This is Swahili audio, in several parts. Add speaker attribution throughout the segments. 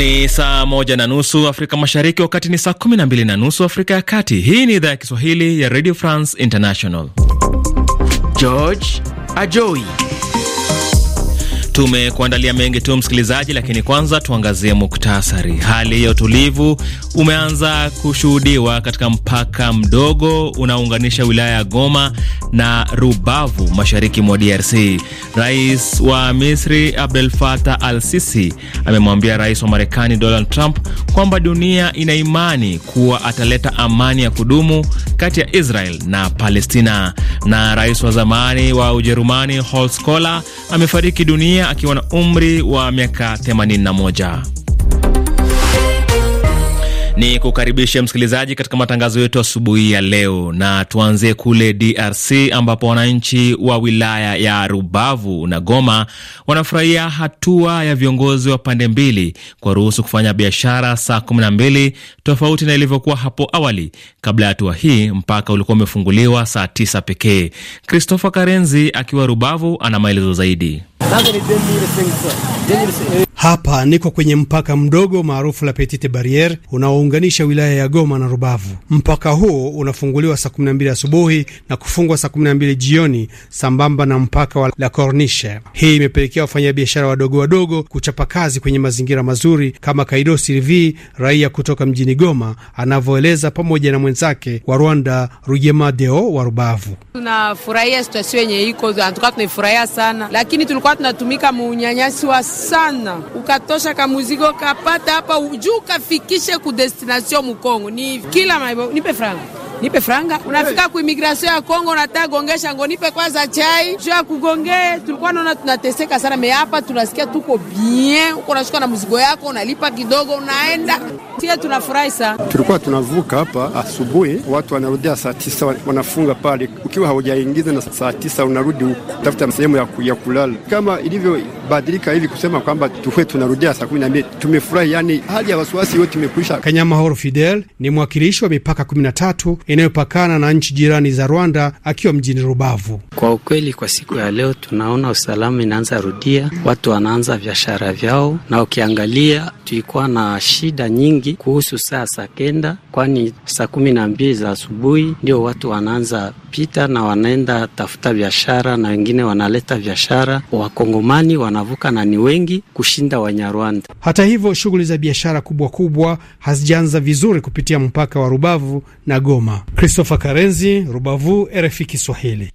Speaker 1: Ni saa moja na nusu Afrika Mashariki, wakati ni saa kumi na mbili na nusu Afrika ya Kati. Hii ni idhaa ya Kiswahili ya Radio France International. George Ajoi Tumekuandalia mengi tu msikilizaji, lakini kwanza tuangazie muktasari. Hali ya utulivu umeanza kushuhudiwa katika mpaka mdogo unaounganisha wilaya ya Goma na Rubavu mashariki mwa DRC. Rais wa Misri Abdel Fattah al-Sisi amemwambia rais wa Marekani Donald Trump kwamba dunia ina imani kuwa ataleta amani ya kudumu kati ya Israel na Palestina. Na rais wa zamani wa Ujerumani Horst Kohler amefariki dunia akiwa na umri wa miaka 81. Ni kukaribisha msikilizaji katika matangazo yetu asubuhi ya leo, na tuanzie kule DRC ambapo wananchi wa wilaya ya Rubavu na Goma wanafurahia hatua ya viongozi wa pande mbili kwa ruhusu kufanya biashara saa kumi na mbili tofauti na ilivyokuwa hapo awali. Kabla ya hatua hii, mpaka ulikuwa umefunguliwa saa tisa pekee. Christopher Karenzi
Speaker 2: akiwa Rubavu ana maelezo zaidi. Hapa niko kwenye mpaka mdogo maarufu la Petite Barriere unaounganisha wilaya ya Goma na Rubavu. Mpaka huo unafunguliwa saa 12 asubuhi na kufungwa saa 12 jioni, sambamba na mpaka wa la Corniche. Hii imepelekea wafanyabiashara wadogo wadogo kuchapa kazi kwenye mazingira mazuri, kama Kaido Sirvi, raia kutoka mjini Goma, anavyoeleza pamoja na mwenzake wa Rwanda Rugema Deo wa Rubavu.
Speaker 1: Tunafurahia situasio yenye iko, tunafurahia sana, lakini tulikuwa tunatumika muunyanyasi wa sana ukatosha kamuzigo kapata hapa juu ukafikishe ku destination Mukongo. Ni kila maibo, nipe franga nipe franga. Unafika ku immigration ya Kongo unataka gongesha ngo nipe kwanza chai juu ya kugongee. Tulikuwa naona tunateseka sana, me hapa tunasikia tuko bien, uko nashuka na mzigo yako unalipa kidogo, unaenda tie. Tunafurahi sana. Tulikuwa
Speaker 2: tunavuka hapa asubuhi, watu wanarudia saa tisa wanafunga pale, ukiwa haujaingiza na saa tisa unarudi kutafuta sehemu ya kulala, kama ilivyo badilika hivi kusema kwamba tuwe tunarudia saa kumi na mbili. Tumefurahi, yani hali ya wasiwasi yote imekwisha. Kanyamahoro Fidel ni mwakilishi wa mipaka kumi na tatu inayopakana na nchi jirani za Rwanda akiwa mjini Rubavu. Kwa ukweli, kwa siku ya leo tunaona usalama inaanza rudia, watu wanaanza biashara vyao, na ukiangalia tulikuwa na shida nyingi kuhusu saa saa kenda, kwani saa kumi na mbili za asubuhi ndio watu wanaanza pita na wanaenda tafuta biashara na wengine wanaleta biashara. Wakongomani wanavuka na ni wengi kushinda Wanyarwanda. Hata hivyo, shughuli za biashara kubwa kubwa hazijaanza vizuri kupitia mpaka wa Rubavu na Goma. Christopher Karenzi, Rubavu, RFI Kiswahili.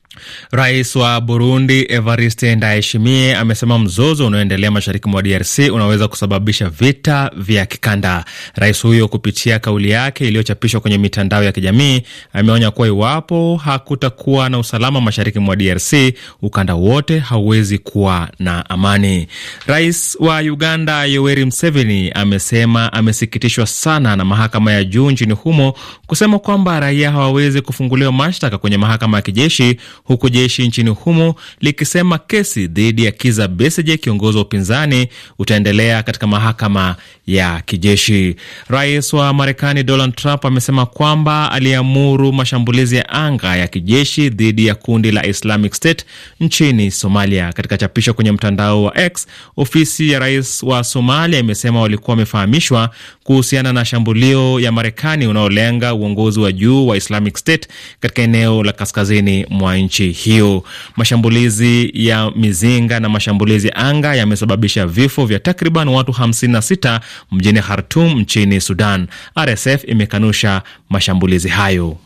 Speaker 1: Rais wa Burundi Evariste Ndayishimiye amesema mzozo unaoendelea mashariki mwa DRC unaweza kusababisha vita vya kikanda. Rais huyo kupitia kauli yake iliyochapishwa kwenye mitandao ya kijamii ameonya kuwa iwapo hakutakuwa na usalama mashariki mwa DRC, ukanda wote hauwezi kuwa na amani. Rais wa Uganda Yoweri Museveni amesema amesikitishwa sana na mahakama ya juu nchini humo kusema kwamba raia hawawezi kufunguliwa mashtaka kwenye mahakama ya kijeshi, huku jeshi nchini humo likisema kesi dhidi ya Kiza Besigye, kiongozi wa upinzani, utaendelea katika mahakama ya kijeshi. Rais wa Marekani Donald Trump amesema kwamba aliamuru mashambulizi ya anga ya kijeshi dhidi ya kundi la Islamic State nchini Somalia. Katika chapisho kwenye mtandao wa X, ofisi ya rais wa Somalia imesema walikuwa wamefahamishwa kuhusiana na shambulio ya Marekani unaolenga uongozi wa juu mkuu wa Islamic State katika eneo la kaskazini mwa nchi hiyo. Mashambulizi ya mizinga na mashambulizi anga yamesababisha vifo vya takriban watu 56 mjini Khartoum nchini Sudan. RSF imekanusha mashambulizi hayo.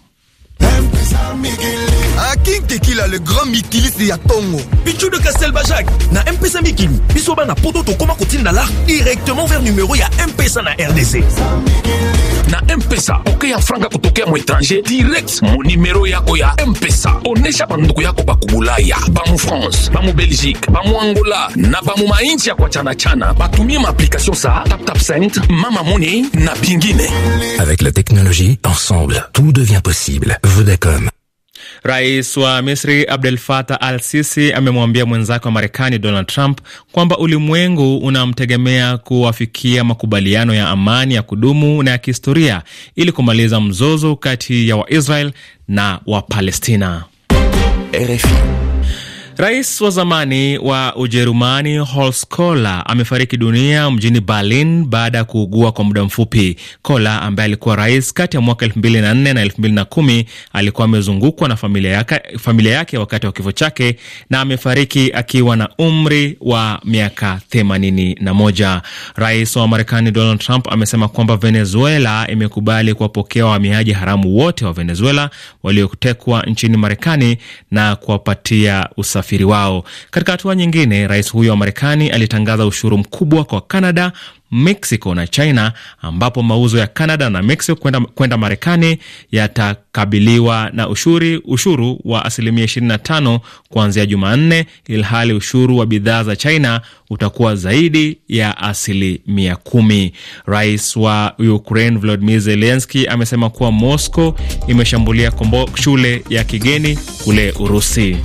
Speaker 2: akinke kila le grand mitilisi
Speaker 1: ya tongo de castel bajak na mpesa mikili biso bana poto tokóma kotinda lar directement vers numero ya mpesa na RDC na mpesa okeya franga kutokea mwaetranger direct mon yako ya mpesa onesha banduku yako France, ya bamufrance bamubelgique bamuangola na bamumainchi ya kuachanachana batumie maaplikation sa taptapcent mama money na bingine avec la technologie ensemble tout devient possible vodacom Rais wa Misri Abdel Fattah Al Sisi amemwambia mwenzake wa Marekani Donald Trump kwamba ulimwengu unamtegemea kuwafikia makubaliano ya amani ya kudumu na ya kihistoria ili kumaliza mzozo kati ya Waisrael na Wapalestina. RFI Rais wa zamani wa Ujerumani Horst Kohler amefariki dunia mjini Berlin baada ya kuugua kwa muda mfupi. Kohler ambaye alikuwa rais kati ya mwaka 2004 na 2010 alikuwa amezungukwa na familia yake, familia yake wakati wa kifo chake na amefariki akiwa na umri wa miaka 81. Rais wa Marekani Donald Trump amesema kwamba Venezuela imekubali kuwapokea wahamiaji haramu wote wa Venezuela waliotekwa nchini Marekani na kuwapatia usafiri usafiri wao. Katika hatua nyingine, rais huyo wa Marekani alitangaza ushuru mkubwa kwa Canada, Mexico na China, ambapo mauzo ya Canada na Mexico kwenda, kwenda Marekani yatakabiliwa na ushuri, ushuru wa asilimia 25 kuanzia Jumanne, ilhali ushuru wa bidhaa za China utakuwa zaidi ya asilimia kumi. Rais wa Ukraine Volodymyr Zelensky amesema kuwa Moscow imeshambulia kombo shule ya kigeni kule Urusi.